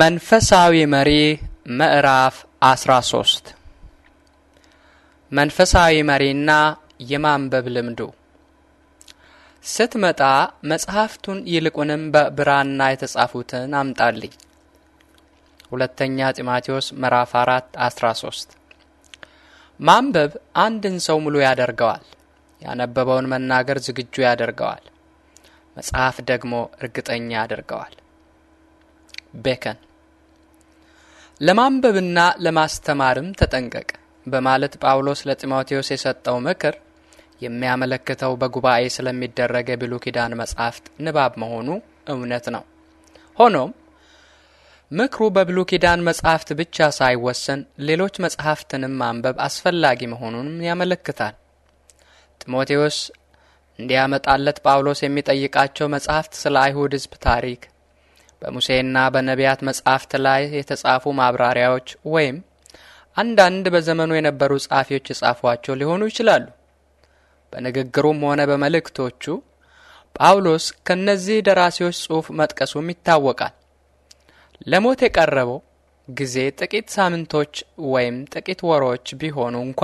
መንፈሳዊ መሪ ምዕራፍ 13 መንፈሳዊ መሪና የማንበብ ልምዱ ስትመጣ መጽሐፍቱን ይልቁንም በብራና የተጻፉትን አምጣልኝ። ሁለተኛ ጢማቴዎስ ምዕራፍ 4 13 ማንበብ አንድን ሰው ሙሉ ያደርገዋል። ያነበበውን መናገር ዝግጁ ያደርገዋል። መጽሐፍ ደግሞ እርግጠኛ ያደርገዋል። ቤከን ለማንበብና ለማስተማርም ተጠንቀቅ በማለት ጳውሎስ ለጢሞቴዎስ የሰጠው ምክር የሚያመለክተው በጉባኤ ስለሚደረገ የብሉይ ኪዳን መጻሕፍት ንባብ መሆኑ እውነት ነው። ሆኖም ምክሩ በብሉይ ኪዳን መጻሕፍት ብቻ ሳይወሰን ሌሎች መጻሕፍትንም ማንበብ አስፈላጊ መሆኑንም ያመለክታል። ጢሞቴዎስ እንዲያመጣለት ጳውሎስ የሚጠይቃቸው መጻሕፍት ስለ አይሁድ ሕዝብ ታሪክ፣ በሙሴና በነቢያት መጻሕፍት ላይ የተጻፉ ማብራሪያዎች ወይም አንዳንድ በዘመኑ የነበሩ ጸሐፊዎች የጻፏቸው ሊሆኑ ይችላሉ። በንግግሩም ሆነ በመልእክቶቹ ጳውሎስ ከእነዚህ ደራሲዎች ጽሑፍ መጥቀሱም ይታወቃል። ለሞት የቀረበው ጊዜ ጥቂት ሳምንቶች ወይም ጥቂት ወሮች ቢሆኑ እንኳ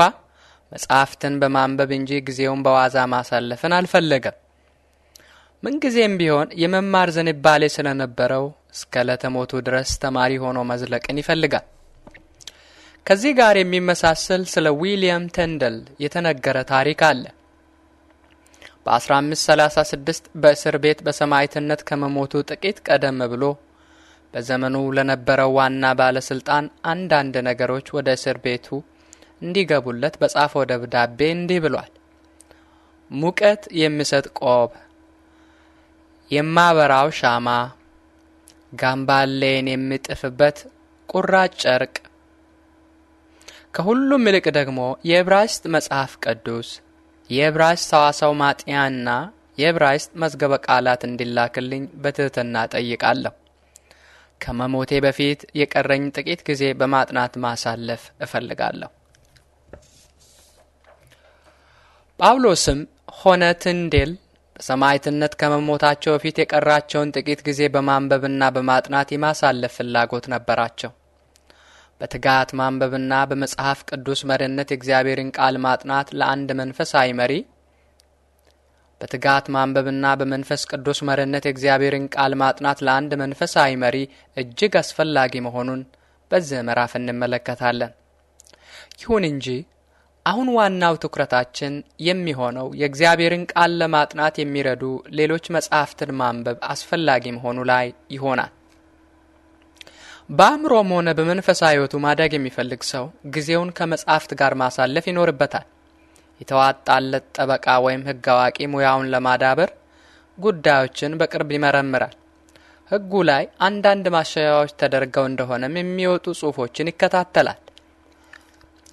መጻሕፍትን በማንበብ እንጂ ጊዜውን በዋዛ ማሳለፍን አልፈለገም። ምንጊዜም ቢሆን የመማር ዝንባሌ ስለነበረው እስከ ለተሞቱ ድረስ ተማሪ ሆኖ መዝለቅን ይፈልጋል። ከዚህ ጋር የሚመሳሰል ስለ ዊሊያም ተንደል የተነገረ ታሪክ አለ። በ1536 በእስር ቤት በሰማዕትነት ከመሞቱ ጥቂት ቀደም ብሎ በዘመኑ ለነበረው ዋና ባለስልጣን አንዳንድ ነገሮች ወደ እስር ቤቱ እንዲገቡለት በጻፈው ደብዳቤ እንዲህ ብሏል። ሙቀት የሚሰጥ ቆብ የማበራው ሻማ ጋምባሌን የምጥፍበት ቁራጭ ጨርቅ ከሁሉም ይልቅ ደግሞ የዕብራይስጥ መጽሐፍ ቅዱስ የዕብራይስጥ ሰዋሰው ማጥያና የዕብራይስጥ መዝገበ ቃላት እንዲላክልኝ በትህትና ጠይቃለሁ። ከመሞቴ በፊት የቀረኝ ጥቂት ጊዜ በማጥናት ማሳለፍ እፈልጋለሁ። ጳውሎስም ሆነ ትንዴል በሰማዕትነት ከመሞታቸው በፊት የቀራቸውን ጥቂት ጊዜ በማንበብና በማጥናት የማሳለፍ ፍላጎት ነበራቸው። በትጋት ማንበብና በመጽሐፍ ቅዱስ መሪነት የእግዚአብሔርን ቃል ማጥናት ለአንድ መንፈሳዊ መሪ በትጋት ማንበብና በመንፈስ ቅዱስ መሪነት የእግዚአብሔርን ቃል ማጥናት ለአንድ መንፈሳዊ መሪ እጅግ አስፈላጊ መሆኑን በዚህ ምዕራፍ እንመለከታለን። ይሁን እንጂ አሁን ዋናው ትኩረታችን የሚሆነው የእግዚአብሔርን ቃል ለማጥናት የሚረዱ ሌሎች መጻሕፍትን ማንበብ አስፈላጊ መሆኑ ላይ ይሆናል። በአእምሮም ሆነ በመንፈሳዊ ሕይወቱ ማደግ የሚፈልግ ሰው ጊዜውን ከመጻሕፍት ጋር ማሳለፍ ይኖርበታል። የተዋጣለት ጠበቃ ወይም ሕግ አዋቂ ሙያውን ለማዳበር ጉዳዮችን በቅርብ ይመረምራል። ሕጉ ላይ አንዳንድ ማሻሻያዎች ተደርገው እንደሆነም የሚወጡ ጽሑፎችን ይከታተላል።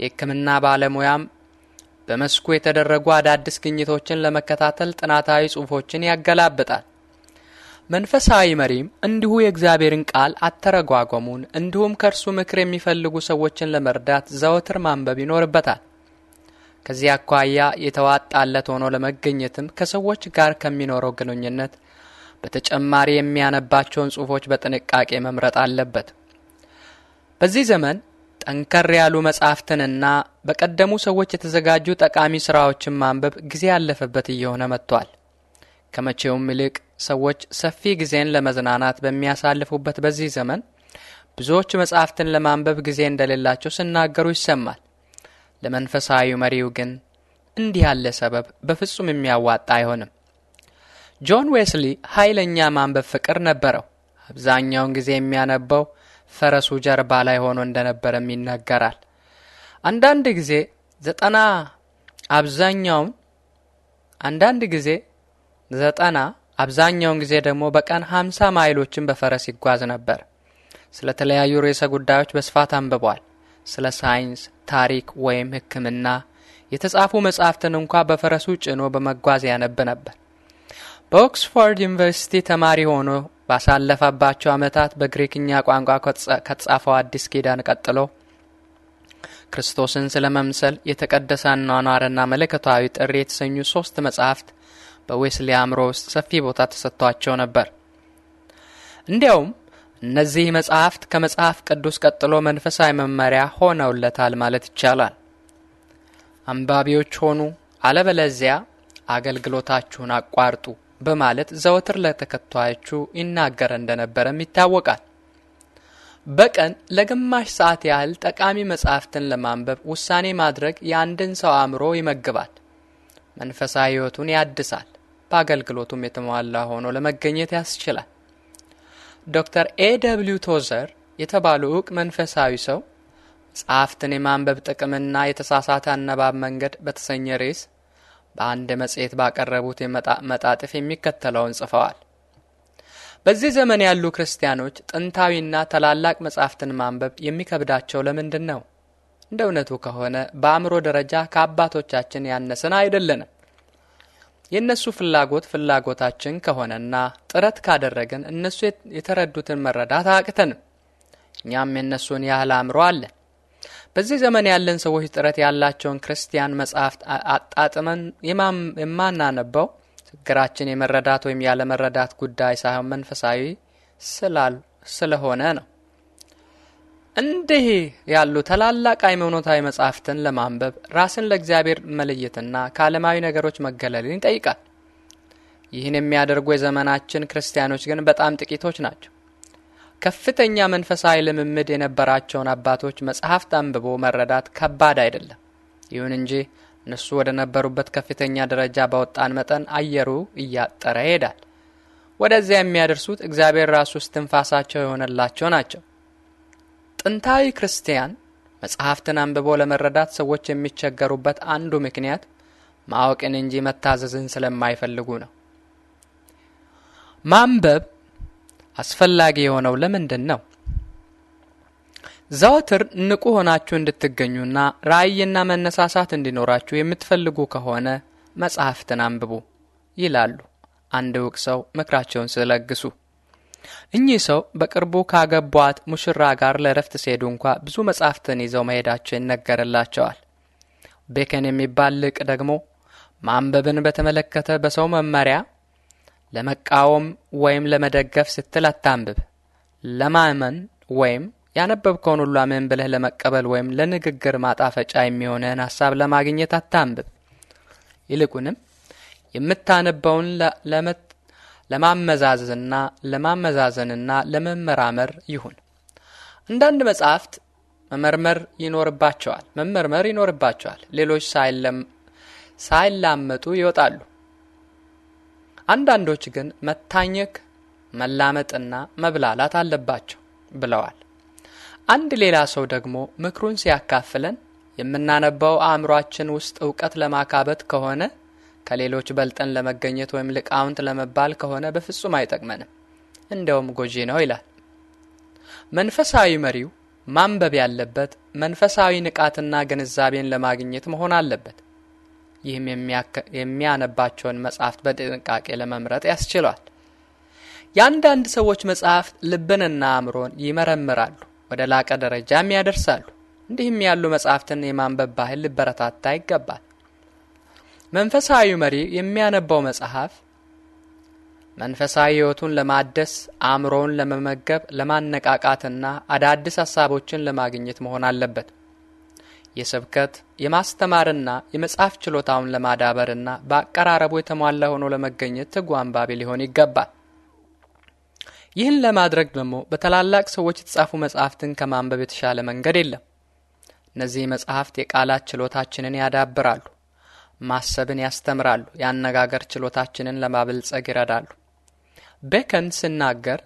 የሕክምና ባለሙያም በመስኩ የተደረጉ አዳዲስ ግኝቶችን ለመከታተል ጥናታዊ ጽሑፎችን ያገላብጣል። መንፈሳዊ መሪም እንዲሁ የእግዚአብሔርን ቃል አተረጓጎሙን እንዲሁም ከእርሱ ምክር የሚፈልጉ ሰዎችን ለመርዳት ዘወትር ማንበብ ይኖርበታል። ከዚህ አኳያ የተዋጣለት ሆኖ ለመገኘትም ከሰዎች ጋር ከሚኖረው ግንኙነት በተጨማሪ የሚያነባቸውን ጽሑፎች በጥንቃቄ መምረጥ አለበት። በዚህ ዘመን ጠንከር ያሉ መጻሕፍትንና በቀደሙ ሰዎች የተዘጋጁ ጠቃሚ ሥራዎችን ማንበብ ጊዜ ያለፈበት እየሆነ መጥቷል። ከመቼውም ይልቅ ሰዎች ሰፊ ጊዜን ለመዝናናት በሚያሳልፉበት በዚህ ዘመን ብዙዎች መጻሕፍትን ለማንበብ ጊዜ እንደሌላቸው ሲናገሩ ይሰማል። ለመንፈሳዊ መሪው ግን እንዲህ ያለ ሰበብ በፍጹም የሚያዋጣ አይሆንም። ጆን ዌስሊ ኃይለኛ ማንበብ ፍቅር ነበረው። አብዛኛውን ጊዜ የሚያነበው ፈረሱ ጀርባ ላይ ሆኖ እንደነበረም ይናገራል። አንዳንድ ጊዜ ዘጠና አብዛኛውን አንዳንድ ጊዜ ዘጠና አብዛኛውን ጊዜ ደግሞ በቀን ሀምሳ ማይሎችን በፈረስ ይጓዝ ነበር። ስለ ተለያዩ ርዕሰ ጉዳዮች በስፋት አንብቧል። ስለ ሳይንስ፣ ታሪክ ወይም ሕክምና የተጻፉ መጻሕፍትን እንኳ በፈረሱ ጭኖ በመጓዝ ያነብ ነበር። በኦክስፎርድ ዩኒቨርሲቲ ተማሪ ሆኖ ባሳለፈባቸው ዓመታት በግሪክኛ ቋንቋ ከተጻፈው አዲስ ኪዳን ቀጥሎ ክርስቶስን ስለ መምሰል የተቀደሰ አኗኗርና መለከታዊ ጥሪ የተሰኙ ሶስት መጽሐፍት በዌስሊ አእምሮ ውስጥ ሰፊ ቦታ ተሰጥቷቸው ነበር። እንዲያውም እነዚህ መጽሐፍት ከመጽሐፍ ቅዱስ ቀጥሎ መንፈሳዊ መመሪያ ሆነውለታል ማለት ይቻላል። አንባቢዎች ሆኑ፣ አለበለዚያ አገልግሎታችሁን አቋርጡ። በማለት ዘወትር ለተከታዮቹ ይናገር እንደነበረም ይታወቃል። በቀን ለግማሽ ሰዓት ያህል ጠቃሚ መጻሕፍትን ለማንበብ ውሳኔ ማድረግ የአንድን ሰው አእምሮ ይመግባል፣ መንፈሳዊ ሕይወቱን ያድሳል፣ በአገልግሎቱም የተሟላ ሆኖ ለመገኘት ያስችላል። ዶክተር ኤ ደብልዩ ቶዘር የተባሉ ዕውቅ መንፈሳዊ ሰው መጽሐፍትን የማንበብ ጥቅምና የተሳሳተ አነባብ መንገድ በተሰኘ ርዕስ በአንድ መጽሔት ባቀረቡት መጣጥፍ የሚከተለውን ጽፈዋል። በዚህ ዘመን ያሉ ክርስቲያኖች ጥንታዊና ታላላቅ መጻሕፍትን ማንበብ የሚከብዳቸው ለምንድን ነው? እንደ እውነቱ ከሆነ በአእምሮ ደረጃ ከአባቶቻችን ያነስን አይደለንም። የእነሱ ፍላጎት ፍላጎታችን ከሆነና ጥረት ካደረግን እነሱ የተረዱትን መረዳት አያቅተንም። እኛም የእነሱን ያህል አእምሮ አለን። በዚህ ዘመን ያለን ሰዎች ጥረት ያላቸውን ክርስቲያን መጽሐፍት አጣጥመን የማናነበው ችግራችን የመረዳት ወይም ያለመረዳት ጉዳይ ሳይሆን መንፈሳዊ ስለሆነ ነው። እንዲህ ያሉ ታላላቅ ሃይማኖታዊ መጽሐፍትን ለማንበብ ራስን ለእግዚአብሔር መለየትና ከዓለማዊ ነገሮች መገለልን ይጠይቃል። ይህን የሚያደርጉ የዘመናችን ክርስቲያኖች ግን በጣም ጥቂቶች ናቸው። ከፍተኛ መንፈሳዊ ልምምድ የነበራቸውን አባቶች መጽሐፍት አንብቦ መረዳት ከባድ አይደለም። ይሁን እንጂ እነሱ ወደ ነበሩበት ከፍተኛ ደረጃ በወጣን መጠን አየሩ እያጠረ ይሄዳል። ወደዚያ የሚያደርሱት እግዚአብሔር ራሱ እስትንፋሳቸው የሆነላቸው ናቸው። ጥንታዊ ክርስቲያን መጽሐፍትን አንብቦ ለመረዳት ሰዎች የሚቸገሩበት አንዱ ምክንያት ማወቅን እንጂ መታዘዝን ስለማይፈልጉ ነው። ማንበብ አስፈላጊ የሆነው ለምንድን ነው? ዘወትር ንቁ ሆናችሁ እንድትገኙና ራዕይና መነሳሳት እንዲኖራችሁ የምትፈልጉ ከሆነ መጽሐፍትን አንብቡ ይላሉ አንድ ውቅ ሰው ምክራቸውን ስለግሱ። እኚህ ሰው በቅርቡ ካገቧት ሙሽራ ጋር ለረፍት ሲሄዱ እንኳ ብዙ መጽሐፍትን ይዘው መሄዳቸው ይነገርላቸዋል። ቤከን የሚባል ልቅ ደግሞ ማንበብን በተመለከተ በሰው መመሪያ ለመቃወም ወይም ለመደገፍ ስትል አታንብብ። ለማመን ወይም ያነበብከውን ሁሉ አሜን ብለህ ለመቀበል ወይም ለንግግር ማጣፈጫ የሚሆነን ሐሳብ ለማግኘት አታንብብ። ይልቁንም የምታነበውን ለማመዛዝና ለማመዛዘንና ለመመራመር ይሁን። አንዳንድ መጻሕፍት መመርመር ይኖርባቸዋል መመርመር ይኖርባቸዋል። ሌሎች ሳይላመጡ ይወጣሉ። አንዳንዶች ግን መታኘክ፣ መላመጥና መብላላት አለባቸው ብለዋል። አንድ ሌላ ሰው ደግሞ ምክሩን ሲያካፍለን የምናነባው አእምሯችን ውስጥ እውቀት ለማካበት ከሆነ ከሌሎች በልጠን ለመገኘት ወይም ሊቃውንት ለመባል ከሆነ በፍጹም አይጠቅመንም፣ እንደውም ጎጂ ነው ይላል። መንፈሳዊ መሪው ማንበብ ያለበት መንፈሳዊ ንቃትና ግንዛቤን ለማግኘት መሆን አለበት። ይህም የሚያነባቸውን መጽሐፍት በጥንቃቄ ለመምረጥ ያስችሏል። የአንዳንድ ሰዎች መጽሐፍት ልብንና አእምሮን ይመረምራሉ፣ ወደ ላቀ ደረጃም ያደርሳሉ። እንዲህም ያሉ መጽሐፍትን የማንበብ ባህል ሊበረታታ ይገባል። መንፈሳዊ መሪ የሚያነባው መጽሐፍ መንፈሳዊ ሕይወቱን ለማደስ አእምሮውን ለመመገብ ለማነቃቃትና አዳዲስ ሀሳቦችን ለማግኘት መሆን አለበት። የስብከት የማስተማርና የመጻፍ ችሎታውን ለማዳበርና በአቀራረቡ የተሟላ ሆኖ ለመገኘት ትጉ አንባቢ ሊሆን ይገባል። ይህን ለማድረግ ደግሞ በታላላቅ ሰዎች የተጻፉ መጽሐፍትን ከማንበብ የተሻለ መንገድ የለም። እነዚህ መጽሐፍት የቃላት ችሎታችንን ያዳብራሉ፣ ማሰብን ያስተምራሉ፣ የአነጋገር ችሎታችንን ለማበልጸግ ይረዳሉ። ቤከን ሲናገር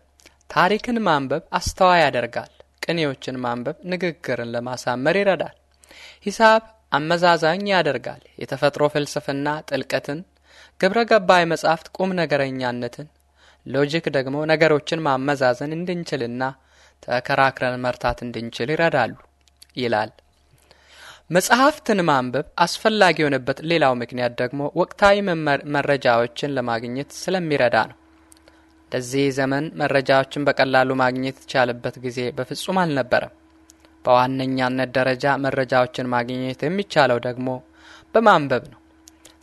ታሪክን ማንበብ አስተዋይ ያደርጋል፣ ቅኔዎችን ማንበብ ንግግርን ለማሳመር ይረዳል። ሂሳብ አመዛዛኝ ያደርጋል። የተፈጥሮ ፍልስፍና ጥልቀትን፣ ግብረ ገባይ መጻሕፍት ቁም ነገረኛነትን፣ ሎጂክ ደግሞ ነገሮችን ማመዛዘን እንድንችልና ተከራክረን መርታት እንድንችል ይረዳሉ ይላል። መጽሐፍትን ማንበብ አስፈላጊ የሆነበት ሌላው ምክንያት ደግሞ ወቅታዊ መረጃዎችን ለማግኘት ስለሚረዳ ነው። ለዚህ ዘመን መረጃዎችን በቀላሉ ማግኘት የተቻለበት ጊዜ በፍጹም አልነበረም። በዋነኛነት ደረጃ መረጃዎችን ማግኘት የሚቻለው ደግሞ በማንበብ ነው።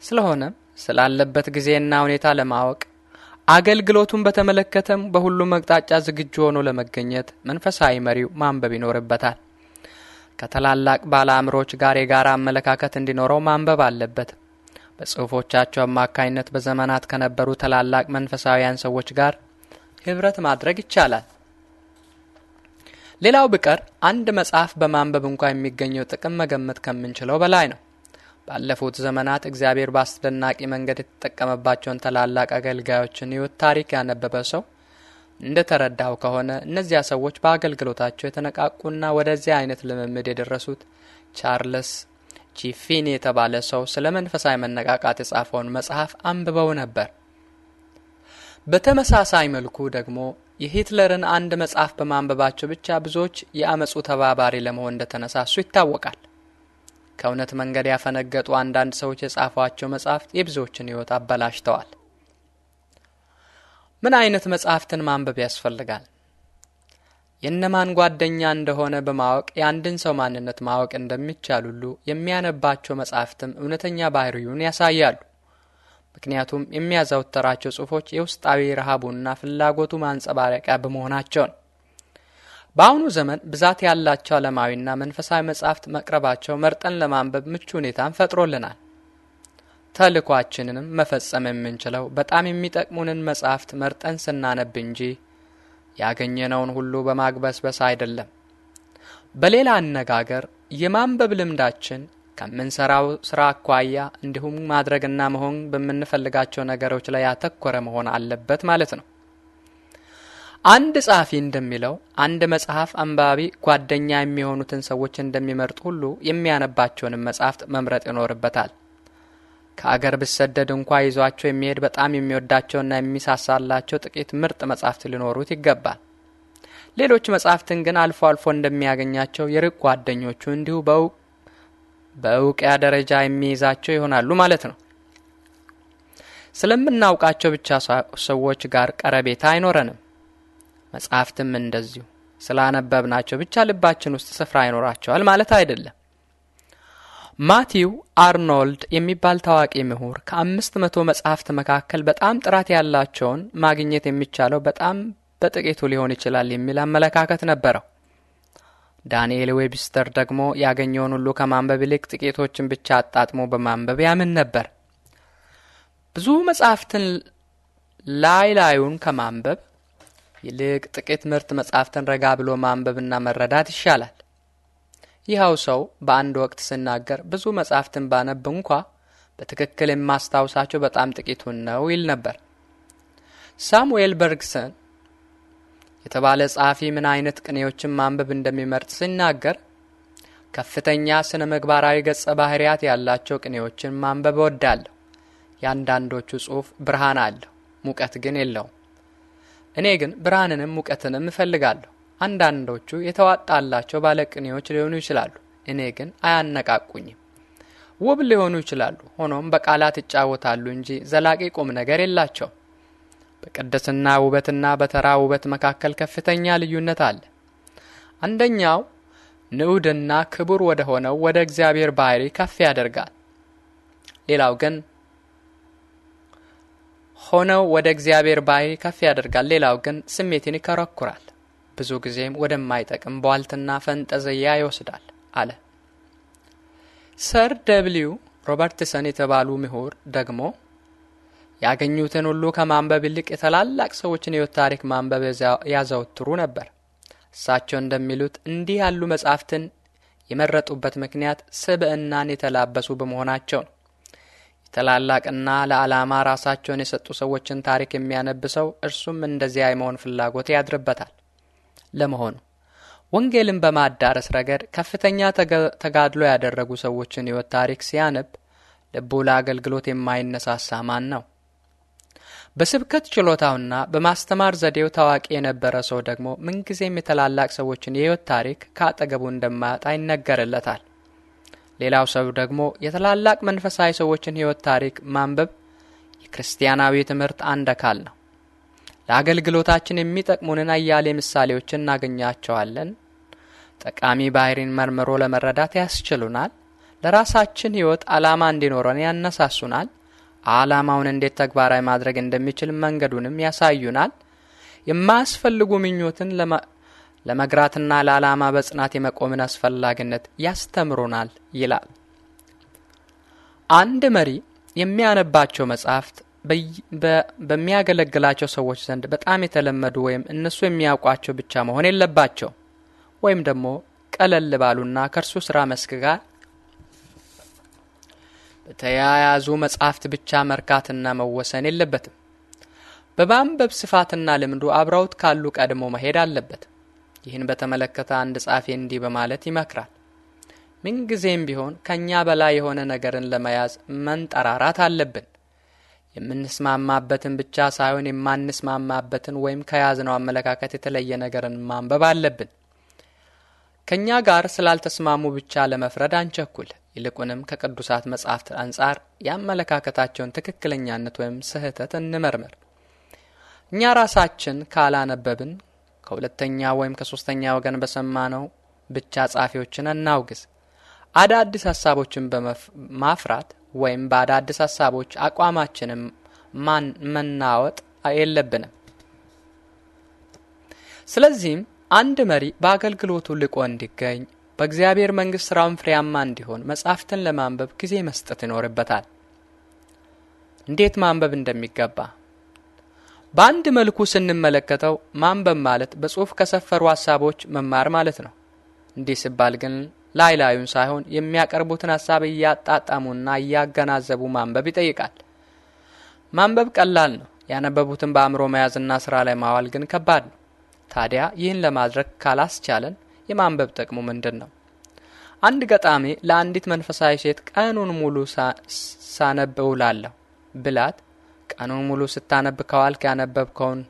ስለሆነም ስላለበት ጊዜና ሁኔታ ለማወቅ አገልግሎቱን በተመለከተም በሁሉም አቅጣጫ ዝግጁ ሆኖ ለመገኘት መንፈሳዊ መሪው ማንበብ ይኖርበታል። ከታላላቅ ባለ አእምሮች ጋር የጋራ አመለካከት እንዲኖረው ማንበብ አለበት። በጽሁፎቻቸው አማካኝነት በዘመናት ከነበሩ ታላላቅ መንፈሳዊያን ሰዎች ጋር ህብረት ማድረግ ይቻላል። ሌላው ብቀር አንድ መጽሐፍ በማንበብ እንኳ የሚገኘው ጥቅም መገመት ከምንችለው በላይ ነው። ባለፉት ዘመናት እግዚአብሔር በአስደናቂ መንገድ የተጠቀመባቸውን ታላላቅ አገልጋዮችን ሕይወት ታሪክ ያነበበ ሰው እንደ ተረዳው ከሆነ እነዚያ ሰዎች በአገልግሎታቸው የተነቃቁና ወደዚያ አይነት ልምምድ የደረሱት ቻርልስ ጂፊን የተባለ ሰው ስለ መንፈሳዊ መነቃቃት የጻፈውን መጽሐፍ አንብበው ነበር። በተመሳሳይ መልኩ ደግሞ የሂትለርን አንድ መጽሐፍ በማንበባቸው ብቻ ብዙዎች የአመፁ ተባባሪ ለመሆን እንደተነሳሱ ይታወቃል። ከእውነት መንገድ ያፈነገጡ አንዳንድ ሰዎች የጻፏቸው መጽሐፍት የብዙዎችን ሕይወት አበላሽተዋል። ምን አይነት መጽሐፍትን ማንበብ ያስፈልጋል? የእነማን ጓደኛ እንደሆነ በማወቅ የአንድን ሰው ማንነት ማወቅ እንደሚቻል ሁሉ የሚያነባቸው መጽሐፍትም እውነተኛ ባህሪውን ያሳያሉ። ምክንያቱም የሚያዘወተራቸው ጽሁፎች የውስጣዊ ረሃቡና ፍላጎቱ ማንጸባረቂያ በመሆናቸው ነው። በአሁኑ ዘመን ብዛት ያላቸው ዓለማዊና መንፈሳዊ መጻሕፍት መቅረባቸው መርጠን ለማንበብ ምቹ ሁኔታን ፈጥሮልናል። ተልኳችንንም መፈጸም የምንችለው በጣም የሚጠቅሙንን መጻሕፍት መርጠን ስናነብ እንጂ ያገኘነውን ሁሉ በማግበስበስ አይደለም። በሌላ አነጋገር የማንበብ ልምዳችን ከምንሰራው ስራ አኳያ እንዲሁም ማድረግና መሆን በምንፈልጋቸው ነገሮች ላይ ያተኮረ መሆን አለበት ማለት ነው። አንድ ጸሐፊ እንደሚለው አንድ መጽሐፍ አንባቢ ጓደኛ የሚሆኑትን ሰዎች እንደሚመርጥ ሁሉ የሚያነባቸውንም መጽሐፍት መምረጥ ይኖርበታል። ከአገር ብሰደድ እንኳ ይዟቸው የሚሄድ በጣም የሚወዳቸውና የሚሳሳላቸው ጥቂት ምርጥ መጽሐፍት ሊኖሩት ይገባል። ሌሎች መጽሐፍትን ግን አልፎ አልፎ እንደሚያገኛቸው የርቅ ጓደኞቹ እንዲሁ በእውቂያ ደረጃ የሚይዛቸው ይሆናሉ ማለት ነው። ስለምናውቃቸው ብቻ ሰዎች ጋር ቀረቤታ አይኖረንም። መጽሐፍትም እንደዚሁ ስላነበብናቸው ብቻ ልባችን ውስጥ ስፍራ ይኖራቸዋል ማለት አይደለም። ማቲው አርኖልድ የሚባል ታዋቂ ምሁር ከአምስት መቶ መጽሐፍት መካከል በጣም ጥራት ያላቸውን ማግኘት የሚቻለው በጣም በጥቂቱ ሊሆን ይችላል የሚል አመለካከት ነበረው። ዳንኤል ዌብስተር ደግሞ ያገኘውን ሁሉ ከማንበብ ይልቅ ጥቂቶችን ብቻ አጣጥሞ በማንበብ ያምን ነበር። ብዙ መጻሕፍትን ላይ ላዩን ከማንበብ ይልቅ ጥቂት ምርት መጻሕፍትን ረጋ ብሎ ማንበብና መረዳት ይሻላል። ይኸው ሰው በአንድ ወቅት ስናገር ብዙ መጻሕፍትን ባነብ እንኳ በትክክል የማስታውሳቸው በጣም ጥቂቱን ነው ይል ነበር። ሳሙኤል በርግሰን የተባለ ጸሐፊ ምን አይነት ቅኔዎችን ማንበብ እንደሚመርጥ ሲናገር ከፍተኛ ስነ ምግባራዊ ገጸ ባህሪያት ያላቸው ቅኔዎችን ማንበብ እወዳለሁ። የአንዳንዶቹ ጽሑፍ ብርሃን አለሁ፣ ሙቀት ግን የለውም። እኔ ግን ብርሃንንም ሙቀትንም እፈልጋለሁ። አንዳንዶቹ የተዋጣላቸው ባለቅኔዎች ሊሆኑ ይችላሉ፣ እኔ ግን አያነቃቁኝም። ውብ ሊሆኑ ይችላሉ፣ ሆኖም በቃላት ይጫወታሉ እንጂ ዘላቂ ቁም ነገር የላቸውም። በቅድስና ውበትና በተራ ውበት መካከል ከፍተኛ ልዩነት አለ። አንደኛው ንዑድና ክቡር ወደ ሆነው ወደ እግዚአብሔር ባህሪ ከፍ ያደርጋል። ሌላው ግን ሆነው ወደ እግዚአብሔር ባህሪ ከፍ ያደርጋል። ሌላው ግን ስሜትን ይከረኩራል፣ ብዙ ጊዜም ወደማይጠቅም ቧልትና ፈንጠዘያ ይወስዳል አለ። ሰር ደብሊው ሮበርትሰን የተባሉ ምሁር ደግሞ ያገኙትን ሁሉ ከማንበብ ይልቅ የታላላቅ ሰዎችን ሕይወት ታሪክ ማንበብ ያዘወትሩ ነበር። እሳቸው እንደሚሉት እንዲህ ያሉ መጻሕፍትን የመረጡበት ምክንያት ስብዕናን የተላበሱ በመሆናቸው ነው። የተላላቅና ለዓላማ ራሳቸውን የሰጡ ሰዎችን ታሪክ የሚያነብ ሰው እርሱም እንደዚያ የመሆን ፍላጎት ያድርበታል። ለመሆኑ ወንጌልን በማዳረስ ረገድ ከፍተኛ ተጋድሎ ያደረጉ ሰዎችን ሕይወት ታሪክ ሲያነብ ልቡ ለአገልግሎት የማይነሳሳ ማን ነው? በስብከት ችሎታውና በማስተማር ዘዴው ታዋቂ የነበረ ሰው ደግሞ ምንጊዜም የታላላቅ ሰዎችን የሕይወት ታሪክ ከአጠገቡ እንደማያጣ ይነገርለታል። ሌላው ሰው ደግሞ የታላላቅ መንፈሳዊ ሰዎችን ሕይወት ታሪክ ማንበብ የክርስቲያናዊ ትምህርት አንድ አካል ነው። ለአገልግሎታችን የሚጠቅሙንን አያሌ ምሳሌዎችን እናገኛቸዋለን። ጠቃሚ ባህሪን መርምሮ ለመረዳት ያስችሉናል። ለራሳችን ሕይወት ዓላማ እንዲኖረን ያነሳሱናል። ዓላማውን እንዴት ተግባራዊ ማድረግ እንደሚችል መንገዱንም ያሳዩናል። የማያስፈልጉ ምኞትን ለመግራትና ለዓላማ በጽናት የመቆምን አስፈላጊነት ያስተምሩናል ይላል። አንድ መሪ የሚያነባቸው መጽሐፍት በሚያገለግላቸው ሰዎች ዘንድ በጣም የተለመዱ ወይም እነሱ የሚያውቋቸው ብቻ መሆን የለባቸው ወይም ደግሞ ቀለል ባሉና ከእርሱ ስራ መስክ ጋር በተያያዙ መጻሕፍት ብቻ መርካትና መወሰን የለበትም። በማንበብ ስፋትና ልምዱ አብረውት ካሉ ቀድሞ መሄድ አለበት። ይህን በተመለከተ አንድ ጻፊ እንዲህ በማለት ይመክራል። ምንጊዜም ቢሆን ከእኛ በላይ የሆነ ነገርን ለመያዝ መንጠራራት አለብን። የምንስማማበትን ብቻ ሳይሆን የማንስማማበትን ወይም ከያዝነው አመለካከት የተለየ ነገርን ማንበብ አለብን። ከእኛ ጋር ስላልተስማሙ ብቻ ለመፍረድ አንቸኩል። ይልቁንም ከቅዱሳት መጻሕፍት አንጻር የአመለካከታቸውን ትክክለኛነት ወይም ስህተት እንመርምር። እኛ ራሳችን ካላነበብን ከሁለተኛ ወይም ከሶስተኛ ወገን በሰማነው ብቻ ጻፊዎችን እናውግዝ። አዳዲስ ሀሳቦችን በማፍራት ወይም በአዳዲስ ሀሳቦች አቋማችንም መናወጥ የለብንም። ስለዚህም አንድ መሪ በአገልግሎቱ ልቆ እንዲገኝ በእግዚአብሔር መንግሥት ሥራውን ፍሬያማ እንዲሆን መጻሕፍትን ለማንበብ ጊዜ መስጠት ይኖርበታል። እንዴት ማንበብ እንደሚገባ በአንድ መልኩ ስንመለከተው ማንበብ ማለት በጽሑፍ ከሰፈሩ ሐሳቦች መማር ማለት ነው። እንዲህ ሲባል ግን ላይ ላዩን ሳይሆን የሚያቀርቡትን ሐሳብ እያጣጣሙና እያገናዘቡ ማንበብ ይጠይቃል። ማንበብ ቀላል ነው። ያነበቡትን በአእምሮ መያዝና ሥራ ላይ ማዋል ግን ከባድ ነው። ታዲያ ይህን ለማድረግ ካላስቻለን የማንበብ ጥቅሙ ምንድን ነው? አንድ ገጣሚ ለአንዲት መንፈሳዊ ሴት ቀኑን ሙሉ ሳነብ እውላለሁ ብላት ቀኑን ሙሉ ስታነብ ከዋልክ ያነበብከውን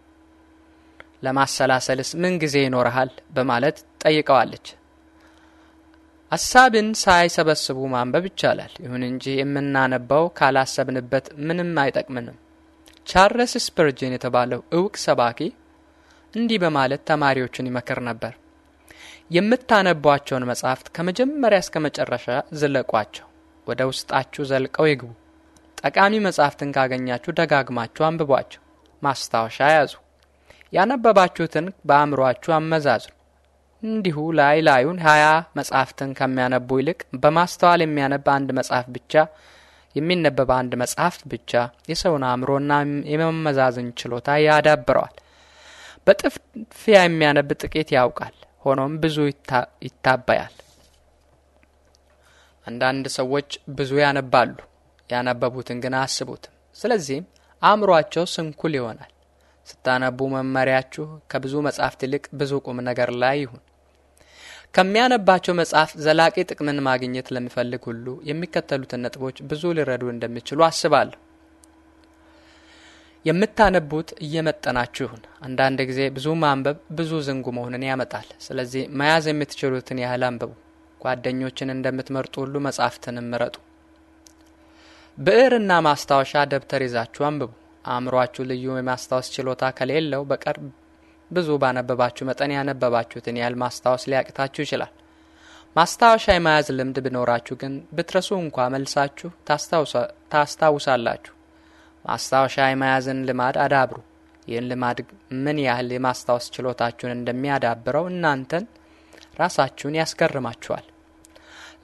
ለማሰላሰልስ ምን ጊዜ ይኖረሃል? በማለት ጠይቀዋለች። ሀሳብን ሳይሰበስቡ ማንበብ ይቻላል። ይሁን እንጂ የምናነባው ካላሰብንበት ምንም አይጠቅምንም። ቻርለስ ስፐርጅን የተባለው እውቅ ሰባኪ እንዲህ በማለት ተማሪዎቹን ይመክር ነበር። የምታነቧቸውን መጻሕፍት ከመጀመሪያ እስከ መጨረሻ ዝለቋቸው፣ ወደ ውስጣችሁ ዘልቀው ይግቡ። ጠቃሚ መጻሕፍትን ካገኛችሁ ደጋግማችሁ አንብቧቸው። ማስታወሻ ያዙ። ያነበባችሁትን በአእምሯችሁ አመዛዝኑ። እንዲሁ ላይ ላዩን ሀያ መጻሕፍትን ከሚያነቡ ይልቅ በማስተዋል የሚያነብ አንድ መጽሐፍ ብቻ የሚነበብ አንድ መጽሐፍት ብቻ የሰውን አእምሮና የመመዛዝን ችሎታ ያዳብረዋል። በጥፍያ የሚያነብ ጥቂት ያውቃል፣ ሆኖም ብዙ ይታበያል። አንዳንድ ሰዎች ብዙ ያነባሉ፣ ያነበቡትን ግን አያስቡትም። ስለዚህም አእምሯቸው ስንኩል ይሆናል። ስታነቡ መመሪያችሁ ከብዙ መጻሕፍት ይልቅ ብዙ ቁም ነገር ላይ ይሁን። ከሚያነባቸው መጽሐፍ ዘላቂ ጥቅምን ማግኘት ለሚፈልግ ሁሉ የሚከተሉትን ነጥቦች ብዙ ሊረዱ እንደሚችሉ አስባለሁ። የምታነቡት ይሁን! አንዳንድ ጊዜ ብዙ ማንበብ ብዙ ዝንጉ መሆንን ያመጣል። ስለዚህ መያዝ የምትችሉትን ያህል አንብቡ። ጓደኞችን እንደምትመርጡ ሁሉ መጻሕፍትንም ምረጡ። ብዕርና ማስታወሻ ደብተር ይዛችሁ አንብቡ። አእምሯችሁ ልዩ የማስታወስ ችሎታ ከሌለው በቀር ብዙ ባነበባችሁ መጠን ያነበባችሁትን ያህል ማስታወስ ሊያቅታችሁ ይችላል። ማስታወሻ የመያዝ ልምድ ቢኖራችሁ ግን ብትረሱ እንኳ መልሳችሁ ታስታውሳላችሁ። ማስታወሻ የመያዝን ልማድ አዳብሩ። ይህን ልማድ ምን ያህል የማስታወስ ችሎታችሁን እንደሚያዳብረው እናንተን ራሳችሁን ያስገርማችኋል።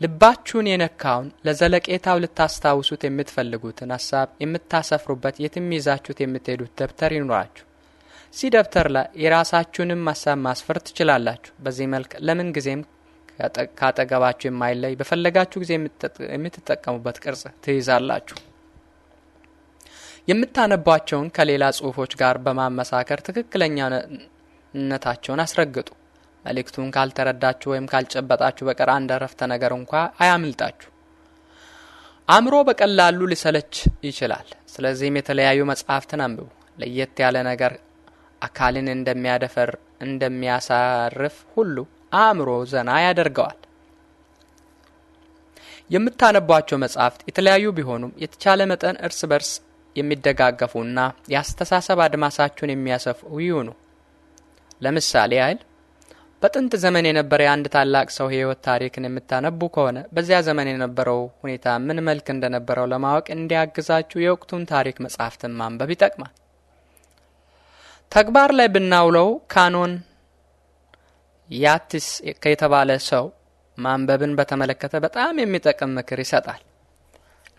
ልባችሁን የነካውን ለዘለቄታው ልታስታውሱት የምትፈልጉትን ሀሳብ የምታሰፍሩበት የትም ይዛችሁት የምትሄዱት ደብተር ይኖራችሁ። እዚህ ደብተር ላይ የራሳችሁንም ሀሳብ ማስፈር ትችላላችሁ። በዚህ መልክ ለምን ጊዜም ካጠገባችሁ የማይለይ በፈለጋችሁ ጊዜ የምትጠቀሙበት ቅርጽ ትይዛላችሁ። የምታነቧቸውን ከሌላ ጽሁፎች ጋር በማመሳከር ትክክለኛነታቸውን አስረግጡ። መልእክቱን ካልተረዳችሁ ወይም ካልጨበጣችሁ በቀር አንድ አረፍተ ነገር እንኳ አያምልጣችሁ። አእምሮ በቀላሉ ሊሰለች ይችላል። ስለዚህም የተለያዩ መጽሐፍትን አንብቡ። ለየት ያለ ነገር አካልን እንደሚያደፈር እንደሚያሳርፍ ሁሉ አእምሮ ዘና ያደርገዋል። የምታነቧቸው መጽሐፍት የተለያዩ ቢሆኑም የተቻለ መጠን እርስ በርስ የሚደጋገፉና የአስተሳሰብ አድማሳቸውን የሚያሰፉ ይሁኑ። ለምሳሌ ያህል በጥንት ዘመን የነበረ የአንድ ታላቅ ሰው ህይወት ታሪክን የምታነቡ ከሆነ በዚያ ዘመን የነበረው ሁኔታ ምን መልክ እንደነበረው ለማወቅ እንዲያግዛችሁ የወቅቱን ታሪክ መጻሕፍትን ማንበብ ይጠቅማል። ተግባር ላይ ብናውለው ካኖን ያትስ የተባለ ሰው ማንበብን በተመለከተ በጣም የሚጠቅም ምክር ይሰጣል።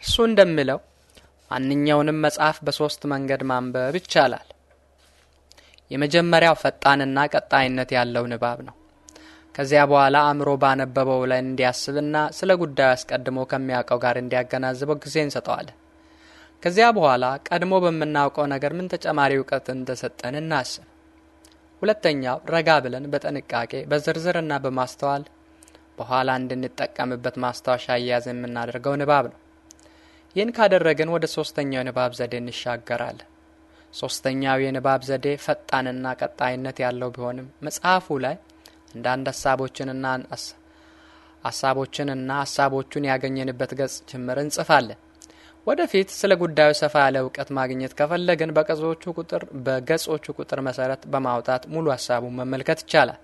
እሱ እንደሚለው ማንኛውንም መጽሐፍ በሶስት መንገድ ማንበብ ይቻላል። የመጀመሪያው ፈጣንና ቀጣይነት ያለው ንባብ ነው። ከዚያ በኋላ አእምሮ ባነበበው ላይ እንዲያስብና ስለ ጉዳዩ አስቀድሞ ከሚያውቀው ጋር እንዲያገናዝበው ጊዜ እንሰጠዋለን። ከዚያ በኋላ ቀድሞ በምናውቀው ነገር ምን ተጨማሪ እውቀት እንደሰጠን እናስብ። ሁለተኛው ረጋ ብለን በጥንቃቄ በዝርዝርና በማስተዋል በኋላ እንድንጠቀምበት ማስታወሻ እያያዝ የምናደርገው ንባብ ነው። ይህን ካደረግን ወደ ሶስተኛው የንባብ ዘዴ እንሻገራለን። ሶስተኛው የንባብ ዘዴ ፈጣንና ቀጣይነት ያለው ቢሆንም መጽሐፉ ላይ አንዳንድ ሀሳቦችንና ሀሳቦችንና ሀሳቦቹን ያገኘንበት ገጽ ጭምር እንጽፋለን። ወደፊት ስለ ጉዳዩ ሰፋ ያለ እውቀት ማግኘት ከፈለግን በቀጾቹ ቁጥር በገጾቹ ቁጥር መሰረት በማውጣት ሙሉ ሀሳቡን መመልከት ይቻላል።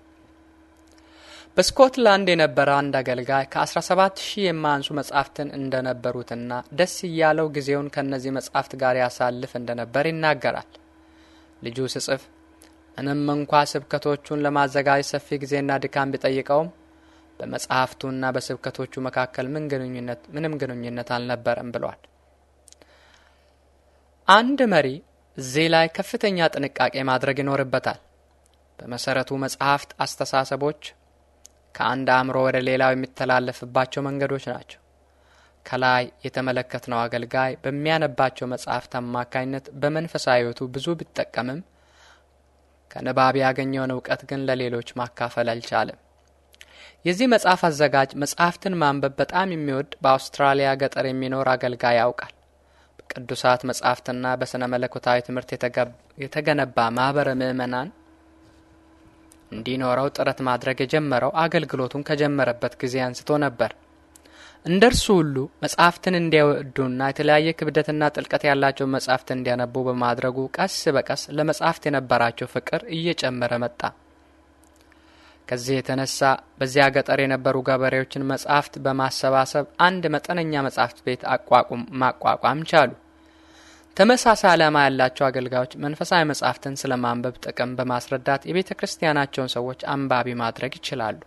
በስኮትላንድ የነበረ አንድ አገልጋይ ከ17 ሺህ የማያንሱ መጻሕፍትን እንደነበሩትና ደስ እያለው ጊዜውን ከእነዚህ መጻሕፍት ጋር ያሳልፍ እንደነበር ይናገራል። ልጁ ስጽፍ ምንም እንኳ ስብከቶቹን ለማዘጋጀት ሰፊ ጊዜና ድካም ቢጠይቀውም በመጽሐፍቱና በስብከቶቹ መካከል ምንም ግንኙነት አልነበረም ብሏል። አንድ መሪ እዚህ ላይ ከፍተኛ ጥንቃቄ ማድረግ ይኖርበታል። በመሰረቱ መጽሐፍት አስተሳሰቦች ከአንድ አእምሮ ወደ ሌላው የሚተላለፍባቸው መንገዶች ናቸው። ከላይ የተመለከትነው አገልጋይ በሚያነባቸው መጽሐፍት አማካኝነት በመንፈሳዊ ሕይወቱ ብዙ ቢጠቀምም ከንባብ ያገኘውን እውቀት ግን ለሌሎች ማካፈል አልቻለም። የዚህ መጽሐፍ አዘጋጅ መጽሐፍትን ማንበብ በጣም የሚወድ በአውስትራሊያ ገጠር የሚኖር አገልጋይ ያውቃል። በቅዱሳት መጽሐፍትና በሥነ መለኮታዊ ትምህርት የተገነባ ማኅበረ ምዕመናን እንዲኖረው ጥረት ማድረግ የጀመረው አገልግሎቱን ከጀመረበት ጊዜ አንስቶ ነበር። እንደ እርሱ ሁሉ መጽሐፍትን እንዲያወዱና የተለያየ ክብደትና ጥልቀት ያላቸው መጻሕፍትን እንዲያነቡ በማድረጉ ቀስ በቀስ ለመጽሐፍት የነበራቸው ፍቅር እየጨመረ መጣ። ከዚህ የተነሳ በዚያ ገጠር የነበሩ ገበሬዎችን መጽሐፍት በማሰባሰብ አንድ መጠነኛ መጽሐፍት ቤት ማቋቋም ቻሉ። ተመሳሳይ ዓላማ ያላቸው አገልጋዮች መንፈሳዊ መጻሕፍትን ስለ ማንበብ ጥቅም በማስረዳት የቤተ ክርስቲያናቸውን ሰዎች አንባቢ ማድረግ ይችላሉ።